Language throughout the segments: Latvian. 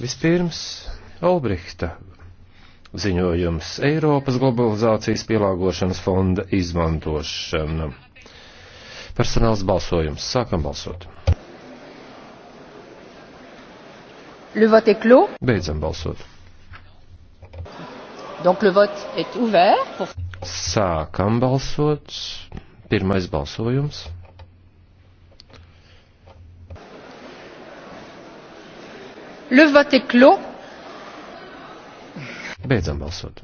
Vispirms Olbrihta ziņojums Eiropas globalizācijas pielāgošanas fonda izmantošana. Personāls balsojums. Sākam balsot. Le vote est clos. Beidzam balsot. Donc le vote est ouvert. Pour... Sākam balsot. Pirmais balsojums. Le vote est clos. Beidzam balsot.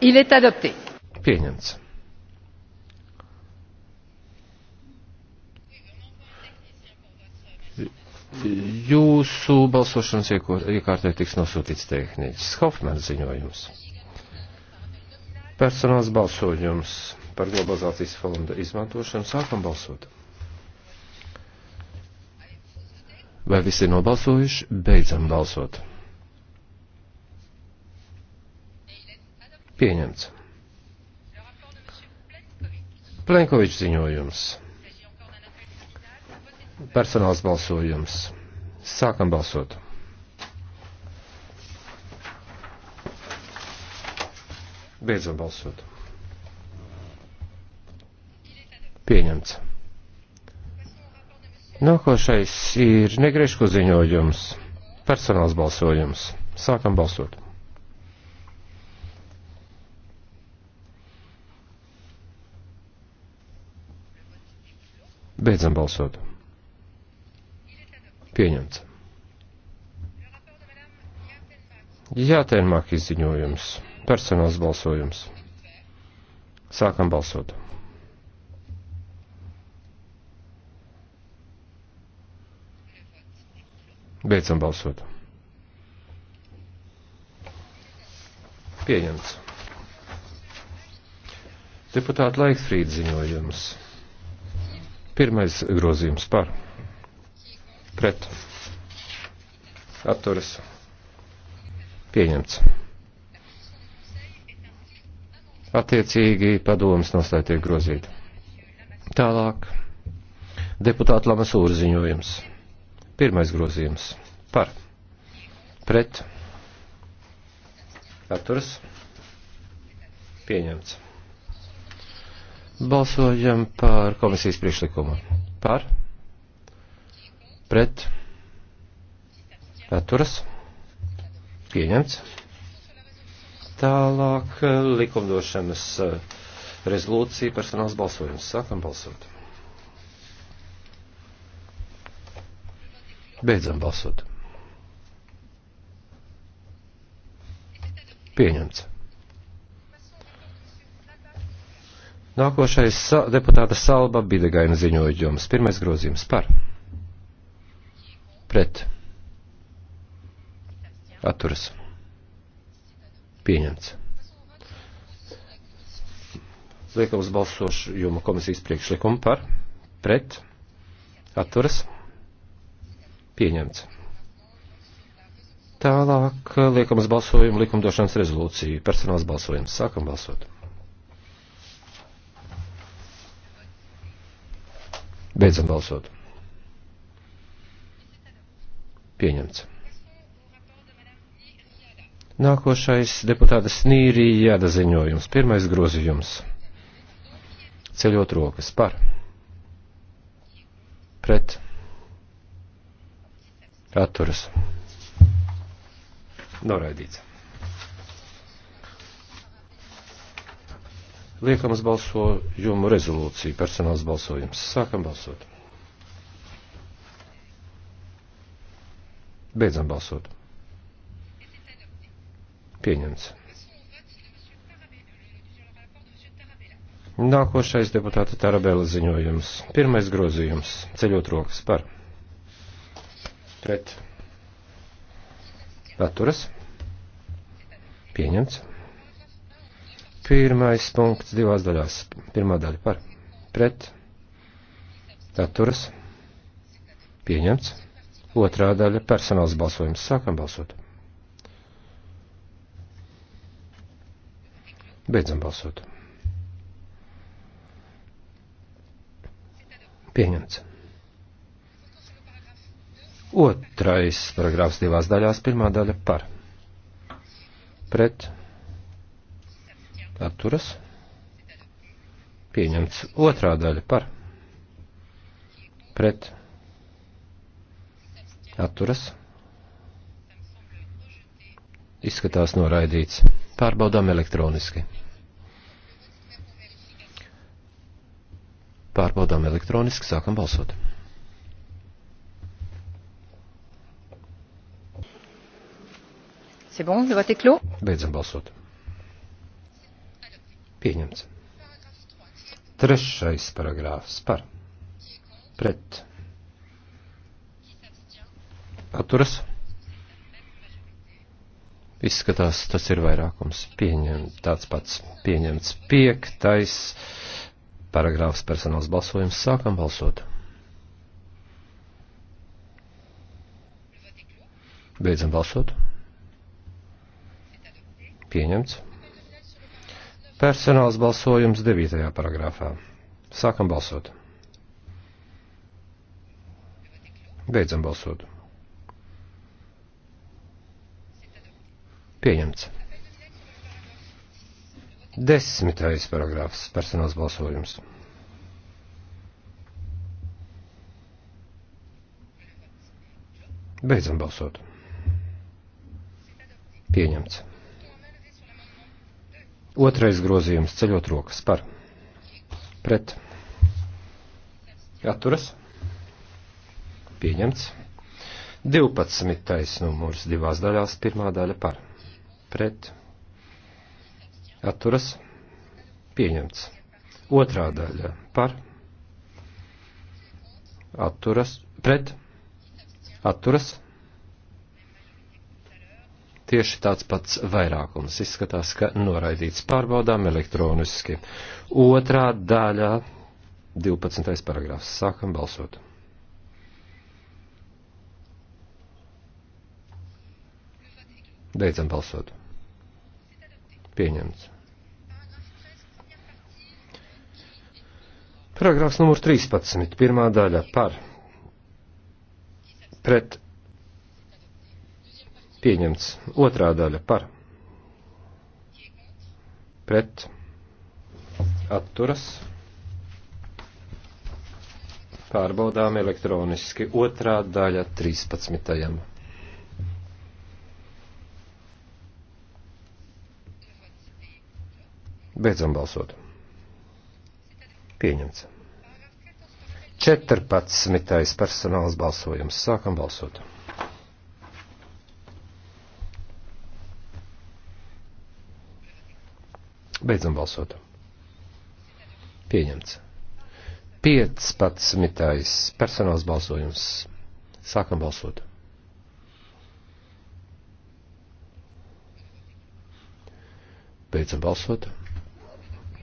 Il est adopté. Pieņemts. Jūsu balsošanas iekārtē tiks nosūtīts tehniķis Hofmans ziņojums. Personāls balsojums par globalizācijas fonda izmantošanu sākam balsot. Vai visi ir nobalsojuši? Beidzam balsot. Pieņemts. Plenkovičs ziņojums. Personāls balsojums. Sākam balsot. Beidzam balsot. Pieņemts. Nākošais ir negrišku ziņojums. Personāls balsojums. Sākam balsot. Beidzam balsot. Pieņemts. Jātērmāk izziņojums. Personāls balsojums. Sākam balsot. Beidzam balsot. Pieņemts. Deputāta Laikfrīd ziņojums. Pirmais grozījums par. Pret. Atturas. Pieņemts. Attiecīgi padomas nostāja tiek grozīta. Tālāk. Deputāta Lamasūra ziņojums. Pirmais grozījums par pret atturas pieņemts. Balsojam par komisijas priekšlikumu. Par pret atturas pieņemts. Tālāk eh, likumdošanas eh, rezolūcija personāls balsojums. Sākam balsot. Beidzam balsot. Pieņemts. Nākošais deputāta Salba Bidegaina ziņojums. Pirmais grozījums par. Pret. Atturas. Pieņemts. Liekam uz balsošumu komisijas priekšlikumu par. Pret. Atturas. Pieņemts. Tālāk eh, liekam uz balsojumu likumdošanas rezolūciju. Personāls balsojums. Sākam balsot. Beidzam balsot. Pieņemts. Nākošais deputātas Nīrija jāda ziņojums. Pirmais grozījums. Ceļot rokas par. Pret. Atturas. Noraidīts. Liekam uz balsojumu rezolūciju, personāls balsojums. Sākam balsot. Beidzam balsot. Pieņemts. Nākošais deputāta Tarabela ziņojums. Pirmais grozījums. Ceļot rokas par pret atturas pieņemts. Pirmais punkts divās daļās. Pirmā daļa par pret atturas pieņemts. Otrā daļa personāls balsojums. Sākam balsot. Beidzam balsot. Pieņemts. Otrais paragrāfs divās daļās, pirmā daļa par. Pret. Atturas. Pieņemts. Otrā daļa par. Pret. Atturas. Izskatās noraidīts. Pārbaudām elektroniski. Pārbaudām elektroniski, sākam balsot. C'est bon, le vote est clos. Beidzam balsot. Pieņemts. Trešais paragrāfs par. Pret. Atturas. Izskatās, tas ir vairākums pieņemts, tāds pats pieņemts piektais paragrāfs personāls balsojums. Sākam balsot. Beidzam balsot. Pieņemts. Personāls balsojums 9. paragrāfā. Sākam balsot. Beidzam balsot. Pieņemts. Desmitais paragrāfs personāls balsojums. Beidzam balsot. Pieņemts. Otrais grozījums ceļot rokas par. Pret. Atturas. Pieņemts. 12. numurs divās daļās, pirmā daļa par. Pret. Atturas. Pieņemts. Otrā daļa par. Atturas. Pret. Atturas tieši tāds pats vairākums. Izskatās, ka noraidīts pārbaudām elektroniski. Otrā daļā 12. paragrāfs. Sākam balsot. Beidzam balsot. Pieņemts. Paragrāfs numur 13. Pirmā daļa par pret Pieņemts. Otrā daļa par. Pret. Atturas. Pārbaudām elektroniski. Otrā daļa 13. Beidzam balsot. Pieņemts. 14. personāls balsojums. Sākam balsot. Beidzam balsot. Pieņemts. 15. personāls balsojums. Sākam balsot. Beidzam balsot.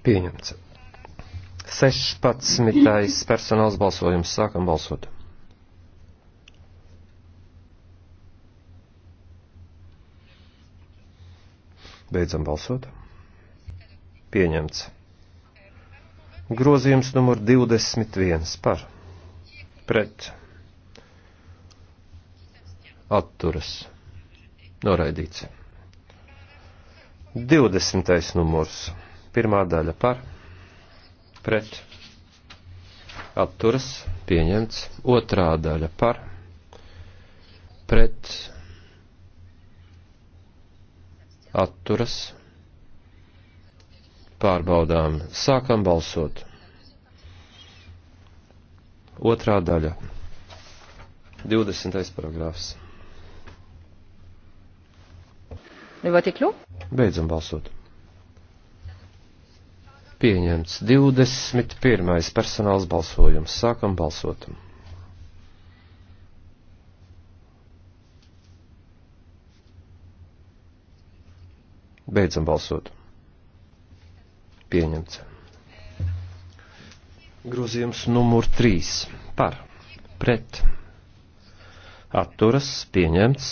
Pieņemts. 16. personāls balsojums. Sākam balsot. Beidzam balsot pieņemts. Grozījums numur 21 par pret atturas noraidīts. 20. numurs pirmā daļa par pret atturas pieņemts, otrā daļa par pret atturas pieņemts pārbaudām. Sākam balsot. Otrā daļa. 20. paragrāfs. Beidzam balsot. Pieņemts 21. personāls balsojums. Sākam balsot. Beidzam balsot. Pieņemts. Grozījums numur 3. Par. Pret. Atturas. Pieņemts.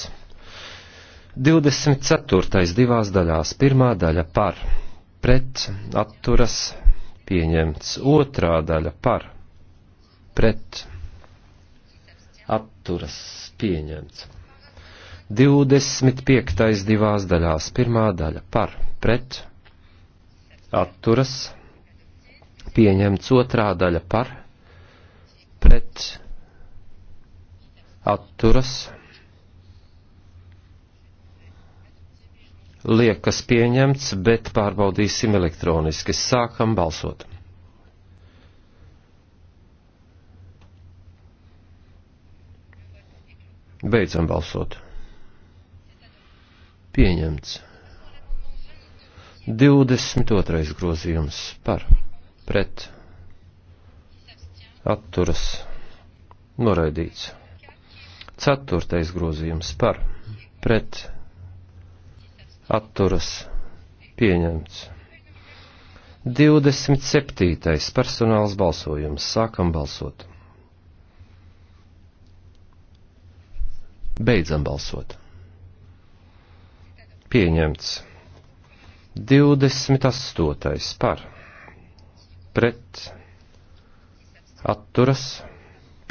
24. divās daļās. Pirmā daļa par. Pret. Atturas. Pieņemts. Otrā daļa par. Pret. Atturas. Pieņemts. 25. divās daļās. Pirmā daļa par. Pret atturas pieņemts otrā daļa par pret atturas liekas pieņemts, bet pārbaudīsim elektroniski. Sākam balsot. Beidzam balsot. Pieņemts. 22. grozījums par pret atturas noraidīts. 4. grozījums par pret atturas pieņemts. 27. personāls balsojums. Sākam balsot. Beidzam balsot. Pieņemts. 28. par pret atturas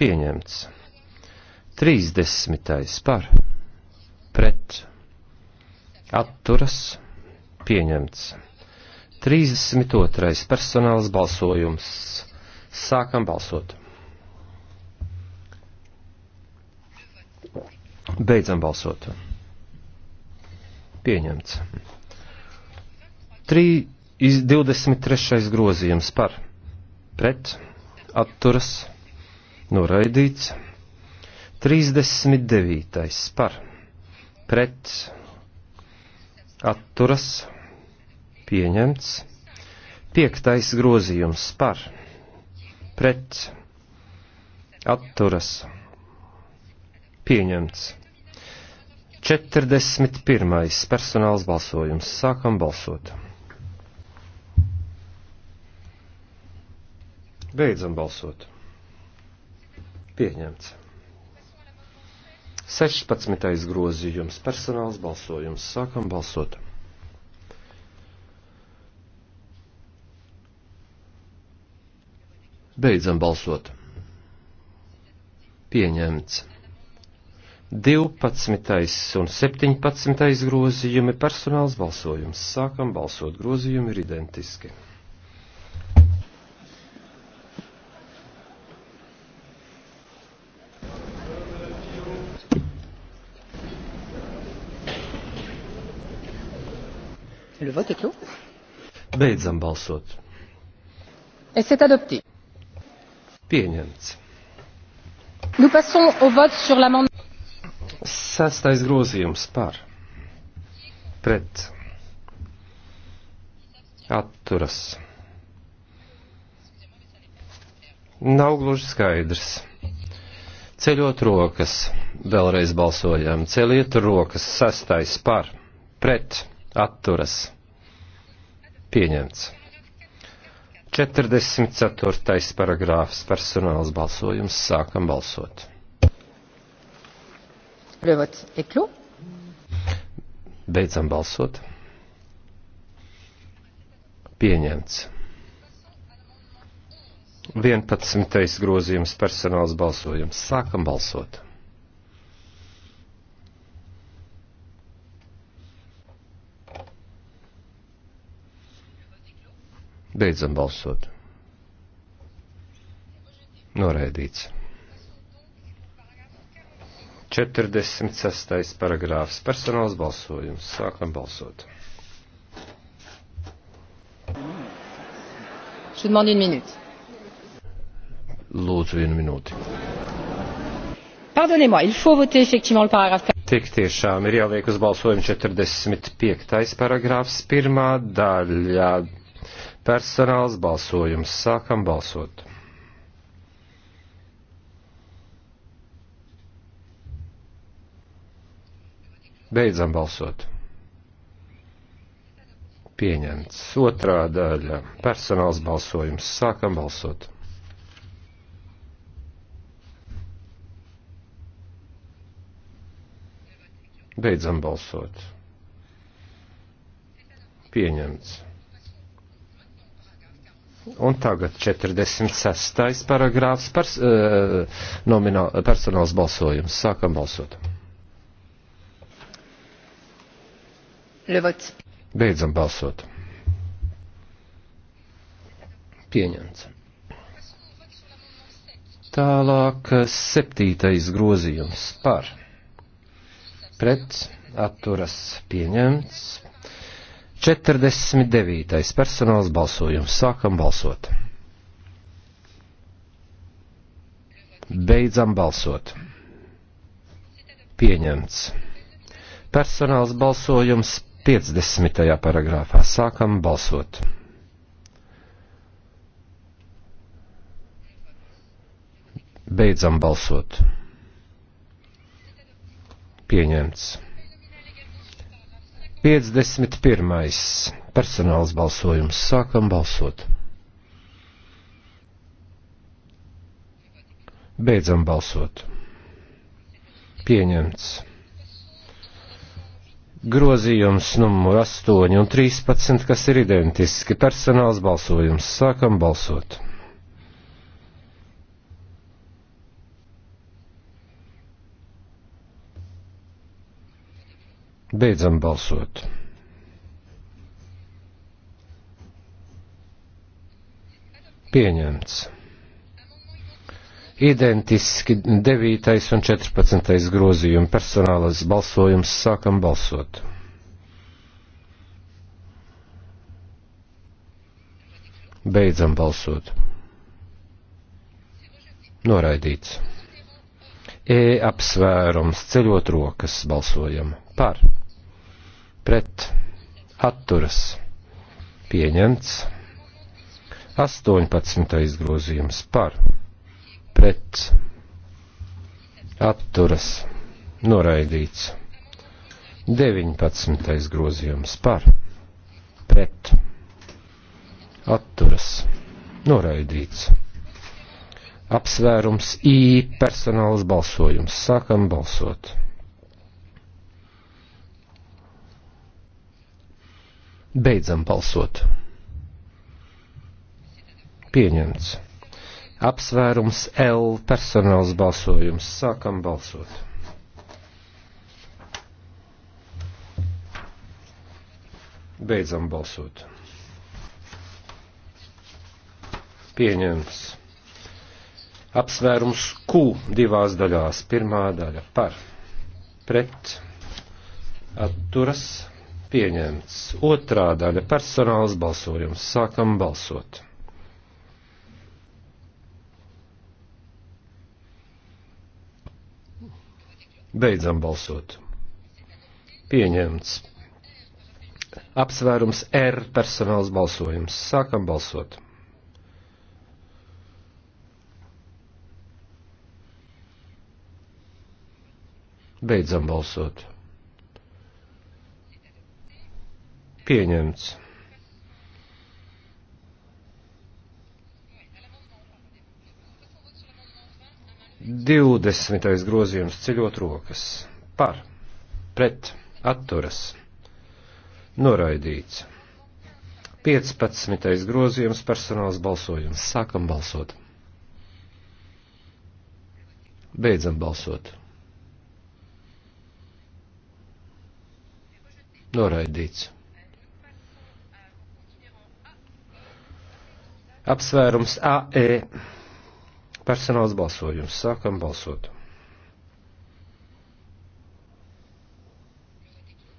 pieņemts. 30. par pret atturas pieņemts. 32. personāls balsojums. Sākam balsot. Beidzam balsot. Pieņemts. 3, 23. grozījums par pret atturas noraidīts. 39. par pret atturas pieņemts. 5. grozījums par pret atturas pieņemts. 41. personāls balsojums. Sākam balsot. Beidzam balsot. Pieņemts. 16. grozījums personāls balsojums. Sākam balsot. Beidzam balsot. Pieņemts. 12. un 17. grozījumi personāls balsojums. Sākam balsot. Grozījumi ir identiski. Le vote est clos. Beidzam balsot. Et c'est adopté. Pieņemts. Nu passons au vote sur l'amendement. Sastais grozījums par. Pret. Atturas. Nav gluži skaidrs. Ceļot rokas. Vēlreiz balsojām. Celiet rokas. Sastais par. Pret atturas pieņemts. 44. paragrāfs personāls balsojums. Sākam balsot. Prievots Iklu. Beidzam balsot. Pieņemts. 11. grozījums personāls balsojums. Sākam balsot. Beidzam balsot. Noraidīts. 46. paragrāfs personāls balsojums. Sākam balsot. Je demande une minute. Lūdzu, vienu minūti. Pardonnez-moi, il faut voter effectivement le paragraphe. Tik tiešām ir jāliek uz balsojumu 45. paragrāfs, pirmā daļa Personāls balsojums. Sākam balsot. Beidzam balsot. Pieņemts. Otrā daļa. Personāls balsojums. Sākam balsot. Beidzam balsot. Pieņemts. Un tagad 46. paragrāfs pers, uh, eh, nomino, personāls balsojums. Sākam balsot. Ļevots. Beidzam balsot. Pieņemts. Tālāk eh, septītais grozījums par pret atturas pieņemts 49. personāls balsojums. Sākam balsot. Beidzam balsot. Pieņemts. Personāls balsojums 50. paragrāfā. Sākam balsot. Beidzam balsot. Pieņemts. 51. personāls balsojums. Sākam balsot. Beidzam balsot. Pieņemts. Grozījums numur 8 un 13, kas ir identiski. Personāls balsojums. Sākam balsot. Beidzam balsot. Pieņemts. Identiski 9. un 14. grozījumi personālais balsojums sākam balsot. Beidzam balsot. Noraidīts. E apsvērums ceļot rokas balsojam par pret atturas pieņemts. 18. grozījums par pret atturas noraidīts. 19. grozījums par pret atturas noraidīts. Apsvērums I personāls balsojums. Sākam balsot. Beidzam balsot. Pieņemts. Apsvērums L personāls balsojums. Sākam balsot. Beidzam balsot. Pieņemts. Apsvērums Q divās daļās. Pirmā daļa par, pret, atturas pieņemts. Otrā daļa - personāls balsojums. Sākam balsot. Beidzam balsot. Pieņemts. Apsvērums R personāls balsojums. Sākam balsot. Beidzam balsot. pieņemts. Divdesmitais grozījums ceļot rokas par, pret, atturas, noraidīts. 15. grozījums personāls balsojums. Sākam balsot. Beidzam balsot. Noraidīts. Apsvērums AE. Personāls balsojums. Sākam balsot.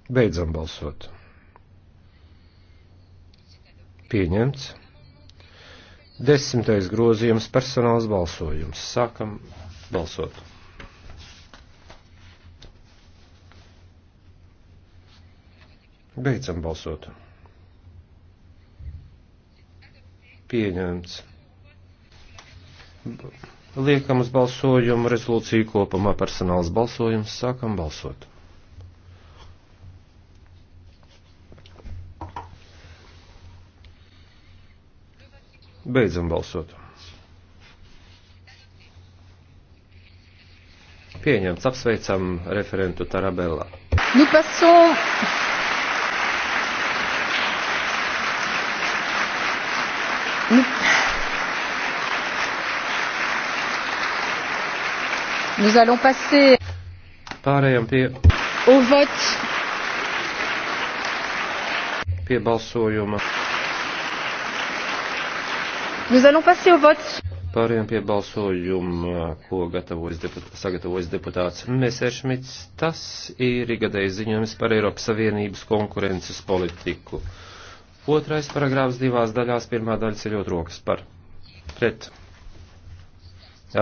Beidzam balsot. Pieņemts. Desmitais grozījums personāls balsojums. Sākam balsot. Beidzam balsot. pieņemts. Liekam uz balsojumu rezolūciju kopumā personāls balsojums. Sākam balsot. Beidzam balsot. Pieņemts, apsveicam referentu Tarabellā. Nu, Nu. Nous allons passer Pārējām pie au vote pie balsojuma. Nous allons passer au vote. Pārējām pie balsojuma, ko gatavojas deput sagatavojas deputāts Meseršmits. Tas ir igadējas ziņojums par Eiropas Savienības konkurences politiku. Otrais paragrāfs divās daļās, pirmā daļa ceļot rokas par pret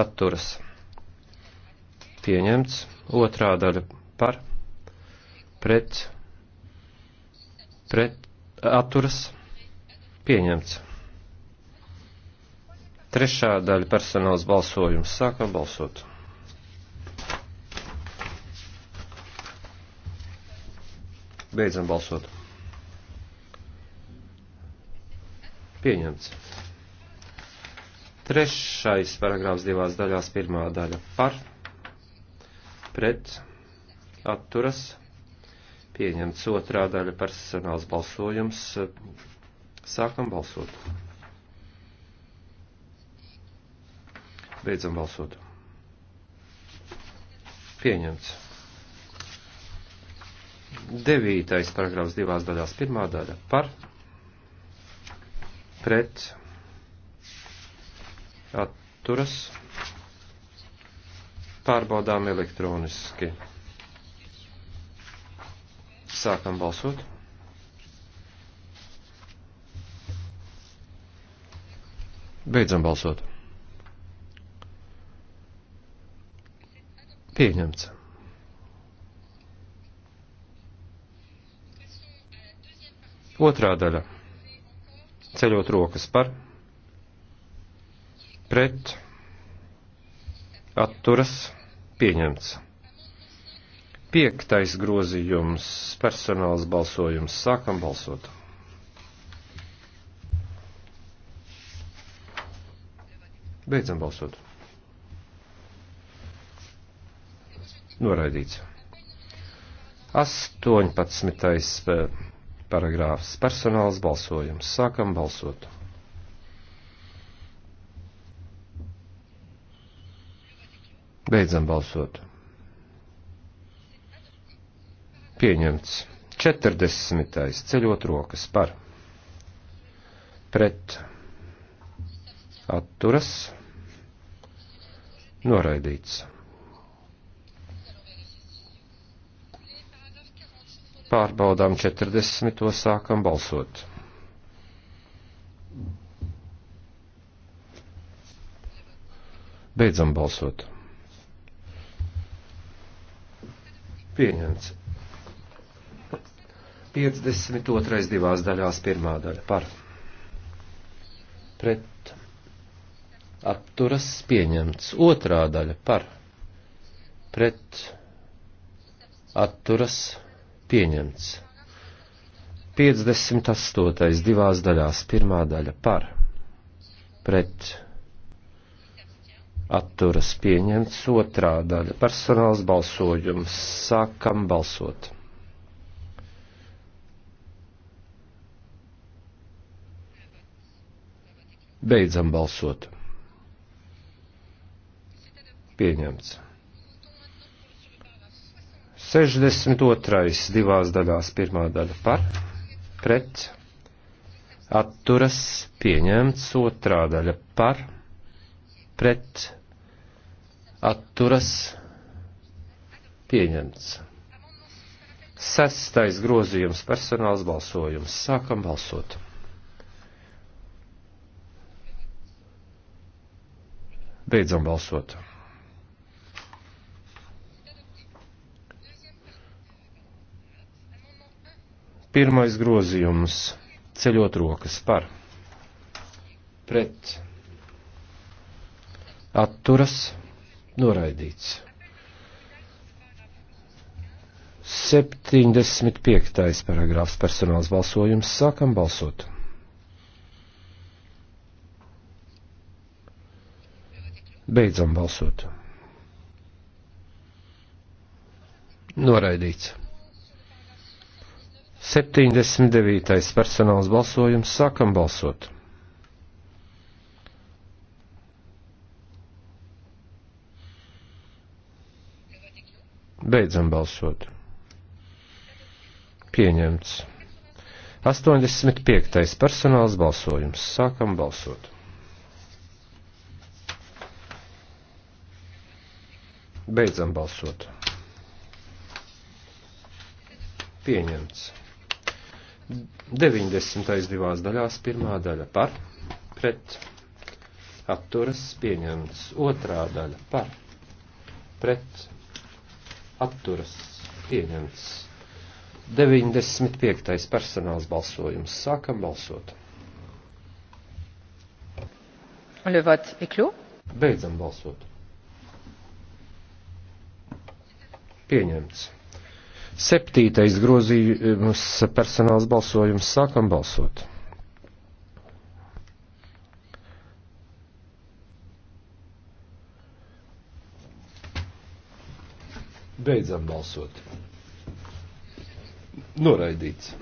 atturas pieņemts, otrā daļa par pret pret atturas pieņemts. Trešā daļa personāls balsojums. Sākam balsot. Beidzam balsot. Pieņemts. Trešais paragrāfs divās daļās, pirmā daļa par, pret, atturas, pieņemts otrā daļa personāls balsojums, sākam balsot. Beidzam balsot. Pieņemts. Devītais paragrāfs divās daļās, pirmā daļa par, pret, pret atturas pārbaudām elektroniski. Sākam balsot. Beidzam balsot. Pieņemts. Otrā daļa ceļot rokas par, pret, atturas, pieņemts. Piektais grozījums, personāls balsojums, sākam balsot. Beidzam balsot. Noraidīts. 18 paragrāfs personāls balsojums. Sākam balsot. Beidzam balsot. Pieņemts. 40. ceļot rokas par. Pret. Atturas. Noraidīts. Pārbaudām 40. sākam balsot. Beidzam balsot. Pieņemts. 52. divās daļās pirmā daļa par. Pret. Atturas pieņemts. Otrā daļa par. Pret. Atturas pieņemts pieņemts. 58. divās daļās, pirmā daļa par, pret, atturas pieņemts, otrā daļa personāls balsojums, sākam balsot. Beidzam balsot. Pieņemts. 62. divās daļās pirmā daļa par, pret, atturas, pieņemts otrā daļa par, pret, atturas, pieņemts. Sestais grozījums personāls balsojums. Sākam balsot. Beidzam balsot. Pirmais grozījums - ceļot rokas par, pret, atturas, noraidīts. 75. paragrāfs personāls balsojums. Sākam balsot. Beidzam balsot. Noraidīts. 79. personāls balsojums. Sākam balsot. Beidzam balsot. Pieņemts. 85. personāls balsojums. Sākam balsot. Beidzam balsot. Pieņemts. 90. divās daļās pirmā daļa par, pret, atturas pieņemts, otrā daļa par, pret, atturas pieņemts. 95. personāls balsojums. Sākam balsot. Le vote est clos. Beidzam balsot. Pieņemts. Septītais grozījums personāls balsojums. Sākam balsot. Beidzam balsot. Noraidīts.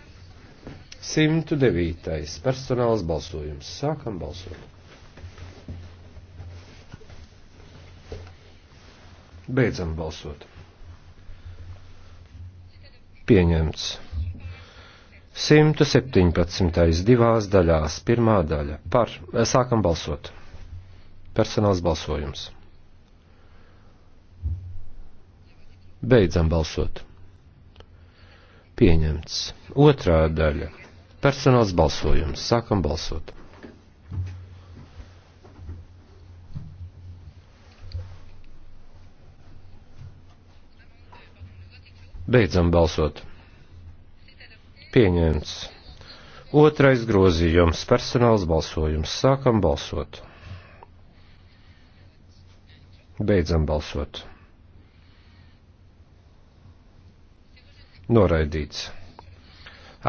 109. personāls balsojums. Sākam balsot. Beidzam balsot. Pieņemts. 117. divās daļās. Pirmā daļa. Par. Eh, sākam balsot. Personāls balsojums. Beidzam balsot. Pieņemts. Otrā daļa. Personāls balsojums. Sākam balsot. Beidzam balsot. Pieņemts. Otrais grozījums - personāls balsojums. Sākam balsot. Beidzam balsot. Noraidīts.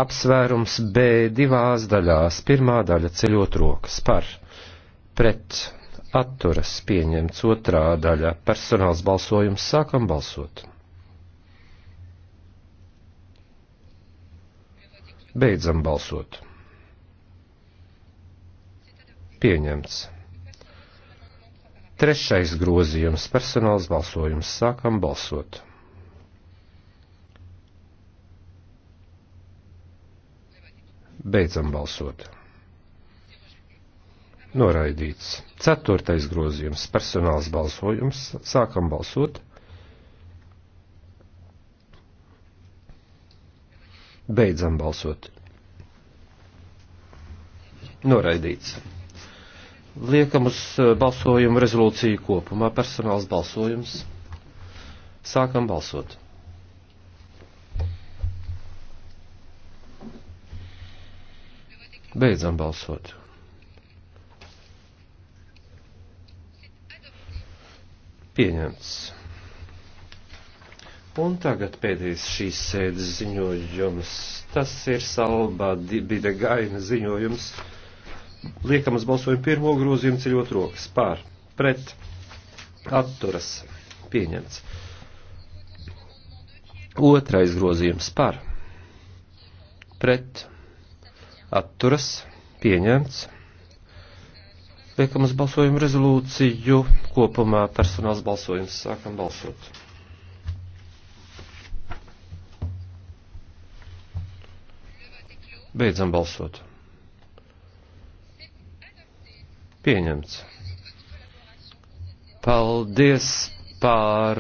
Apsvērums B divās daļās. Pirmā daļa ceļot rokas par, pret, atturas pieņemts. Otrā daļa personāls balsojums. Sākam balsot. Beidzam balsot. Pieņemts. Trešais grozījums - personāls balsojums. Sākam balsot. Beidzam balsot. Noraidīts. Ceturtais grozījums - personāls balsojums. Sākam balsot. Beidzam balsot. Noraidīts. Liekam uz eh, balsojumu rezolūciju kopumā. Personāls balsojums. Sākam balsot. Beidzam balsot. Pieņemts. Un tagad pēdējais šīs sēdes ziņojums. Tas ir Salbā Dibida Gaina ziņojums. Liekam uz balsojumu pirmo grozījumu ceļot rokas. Pār, pret, atturas, pieņemts. Otrais grozījums par, pret, atturas, pieņemts. Liekam uz balsojumu rezolūciju kopumā personāls balsojums. Sākam balsot. Beidzam balsot. Pieņemts. Paldies pār